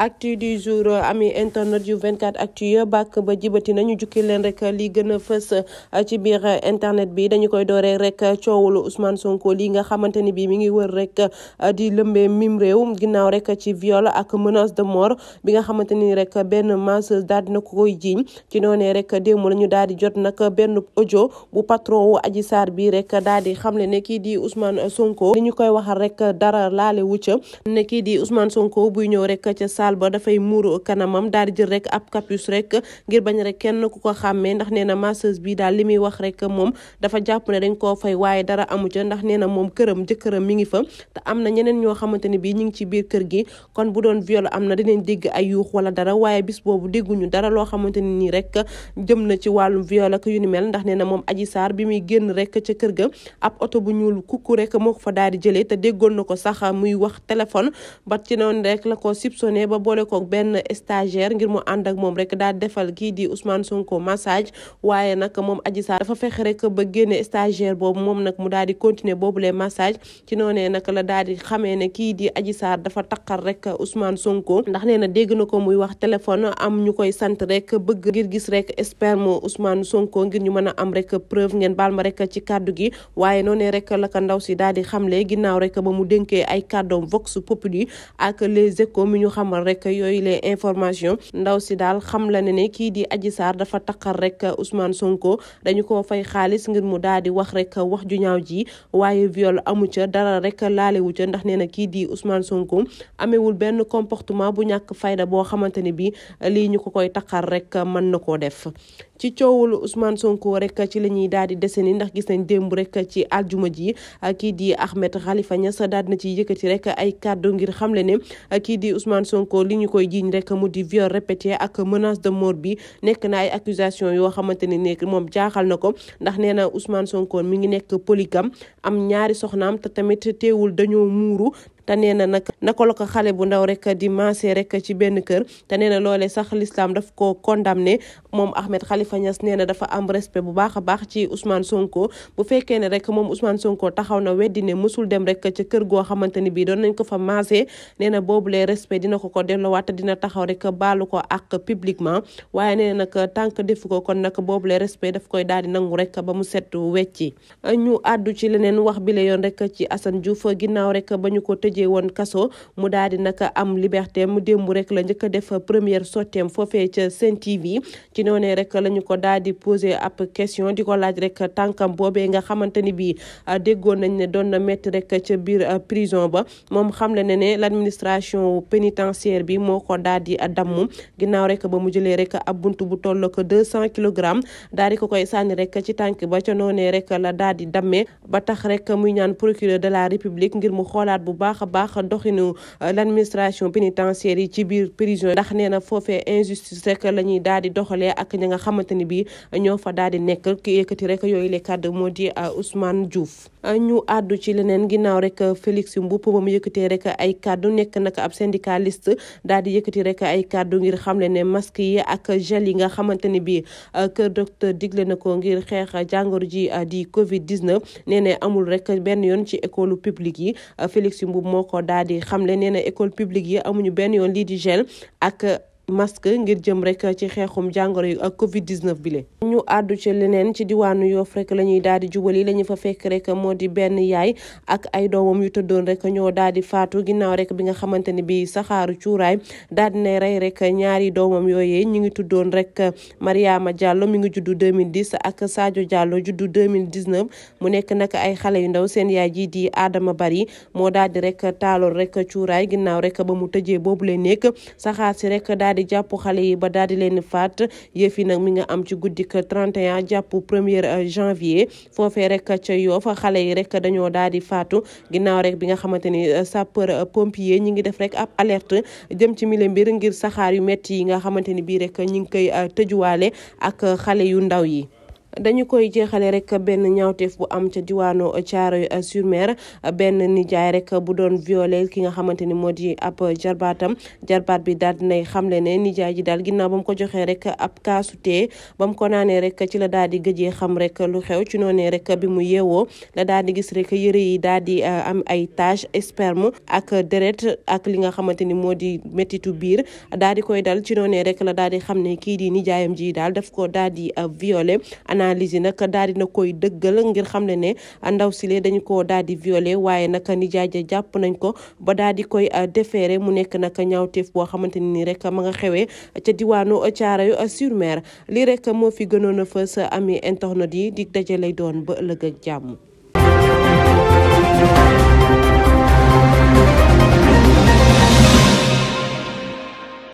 actu du jour ami internet yu 24 actu yi bàkk ba jibati nañu jukki leen rek li gën a fës uh, ci biir uh, internet bi dañu koy dooree rek uh, coowulu Ousmane Sonko li nga xamante ni bi mi ngi wër rek di lëmbee mim réew ginnaaw rek ci viol ak menace de mort bi nga xamante ni rek benn masseuse daal dina ko koy jiiñ ci noonee rek démb la ñu daal di jot nag benn ojo bu patron wu aji Sarr bi rek daal di le ne kii di Ousmane Sonko li ñu koy waxal rek dara laale wu kii di Ousmane Sonko buy ñëw rek ca daal ba dafay muuru kanamam daal di jël rek ab capus rek ngir bañ rek kenn ku ko xàmmee ndax nee na masseuse bi daal li moom ne dañ koo fay waaye dara amu këram jëkkëram mi ngi fa te am na ñeneen ñoo xamante ne bii ñu ngi ci biir kër gi kon bu doon viol am na dinañ dégg ay yuux wala dara waaye bis boobu dégguñu dara loo xamante ne nii rek jëm na ci wàllum viol ak yu ni mel ndax nee na moom Adji Sarr bi muy génn rek ca kër ga ab oto bu ñuul kukku rek moo ko fa daal di jëlee te déggoon na ko sax muy wax téléphone ba boole koog benn stagiaire ngir mu ànd ak moom rek daal defal kii di Ousmane Sonko massage waaye nag moom Adji Sarr dafa fexe rek ba génne stagiaire boobu moom nag mu daal di continuer boobu les massage noonee nag la daal di xamee ne kii di Adji Sarr dafa taqal rek Ousmane Sonko ndax nee na dégg na ko muy wax téléphone am ñu koy sant rek bëgg ngir gis rek sperme Ousmane Sonko ngir ñu mën a am rek preuve ngeen baal ma rek ci kàddu gi waaye noonee rek la ndaw si daal di xam xamle ginnaaw rek ba mu dénkee ay kàddoom Vox Populi ak les échos mi ñu xamal rek yooyu les information ndaw si daal xam la ne ne kii di aji saar dafa taqar rek Ousmane Sonko dañu ko fay xaalis ngir mu daal di wax rek wax ju ñaaw ji waaye viol amu ca dara rek laalewu ca ndax nee na kii di Ousmane Sonko amewul benn comportement bu ñàkk fayda boo xamante ne bi lii ñu ko koy taqar rek mën na koo def ci coowul Ousmane Sonko rek ci la ñuy daal di dese ni ndax gis nañ démb rek ci aljuma ji kii di Ahmed Khalifa Niass daal na ci yëkkati rek ay kàddu ngir xamle ne kii di Ousmane Sonko li ñu koy jiiñ rek mu di viol répété ak menace de mort bi nekk na ay accusation yoo xamante ne nekk moom jaaxal na ko ndax nee na Ousmane Sonko mi ngi nekk polygame am ñaari soxnaam te tamit teewul dañoo muuru te nee na naka la ko xale bu ndaw rek di maase rek ci benn kër te nee na loolee sax l'islam daf ko ne moom Ahmed xalifa Niass nee na dafa am respect bu baax a baax ci Ousmane Sonko bu fekkee ne rek moom Ousmane Sonko taxaw na weddi ne mësul dem rek ca kër goo xamante ni bii doon nañ ko fa maase nee na boobu lee respect dina ko ko delloowaat te dina taxaw rek baalu ko ak publiquement waaye nee na nag tànk defu ko kon nag boobu lee respect daf koy daal di nangu rek ba mu set wecci ñu àddu ci leneen wax bi la yoon rek ci Assane Diouf ginnaaw rek tëjee woon kaso mu daal di nag am liberté mu démb rek la njëkk a def première sotteem foofee ca Sen TV ci noonee rek la ñu ko daal di posé ab question di ko laaj rek tànkam boobee nga xamante ni bii ah, déggoon nañ ne doon na métti rek ca biir ah, prison ba moom xam le ne ne l' administration pénitentiaire bi moo ko daal di damm ginnaaw rek ba mu jëlee rek ab buntu bu toll ko deux cent kilogrammes daal di ko koy sànni rek ci tànk ba ca noonee rek la daal di dammee ñaan procureur de la république ngir mu xoolaat bu baax baax doxinu euh, l'administration pénitentiaire yi ci biir prison ndax nee na foofee injustice rek la ñuy daal di doxalee ak ña nga xamante ni bii ñoo fa daal di nekk ki yëkkati rek yooyu les kàddu moo di euh, Ousmane Diouf. Euh, ñu àddu ci leneen ginnaaw rek Félix Mboup ba mu yëkkatee rek ay kàddu nekk nag ab syndicaliste daal di yëkkati rek ay kàddu ngir xamle ne masque yi ak gel yi nga xamante ni bii kër docteur digle na ko ngir xeex jàngoro ji di Covid 19 nee ne amul rek benn yoon ci école publique yi moo ko daal di xamle école publique yi amuñu benn yoon lii di gel ak masque ngir jëm rek ci xeexum jàngoro yi ak Covid 19 bile. ñu àddu ci leneen ci diwaanu Yoff rek la ñuy daal di jubali la ñu fa fekk rek moo di benn yaay ak ay doomam yu tëddoon rek ñoo daal di faatu ginnaaw rek bi nga xamante ni bii saxaaru cuuraay daal di nay rey rek ñaari doomam yooyee ñu ngi tuddoon rek Mariama Diallo mi ngi juddu 2010 ak Sadio Diallo juddu 2019 mu nekk nag xale yu ndaw seen yaay jii di Adama Bari moo daal di rek taaloon rek cuuraay ginnaaw rek ba mu tëjee boobu lay nekk saxaar si rek daal di jàpp xale yi ba daal di leen faat yëf yi nag mi nga am ci guddik 31 jàpp 1er euh, janvier foofee rek ca Yoff xale yi rek dañoo daal di faatu ginaaw rek bi nga xamante ni euh, sapeur pompier ñi ngi def rek ab alerte jëm ci mile mbir ngir saxaar yu metti yi nga xamante ni bii rek ñi ngi koy euh, tëjuwaale ak xale yu ndaw yi dañu koy jeexale rek benn ñaawteef bu am ca diwaanu Thiaroye sur Mer benn nijaay rek bu doon violé ki nga xamante ni moo di ab jarbaatam jarbaat bi daal nay xamle ne nijaay ji daal ginnaaw ba mu ko joxee rek ab kaasu tee ba ko naanee rek ci la daal di gëjee xam rek lu xew ci noonee rek bi mu yeewoo daal di gis rek yëre yi daal di euh, am ay tache sperme ak deret ak li nga xamante ni moo di méttitu biir daal di koy dal ci noonee rek la daal di xam ne kii di nijaayam ji daal def ko daal di euh, violé analyse yi nag daal dina koy dëggal ngir xam ne ne ndaw sile dañu ko daal di violé waaye nag nijaay ja jàpp nañ ko ba daal di koy euh, déféré mu nekk nag ñaawteef boo xamante ni nii rek ma nga xewee ca diwaanu Thiaroye sur Mer lii rek moo fi gënoona a fës ami internet yi di daje lay doon ba ëllëg ak jàmm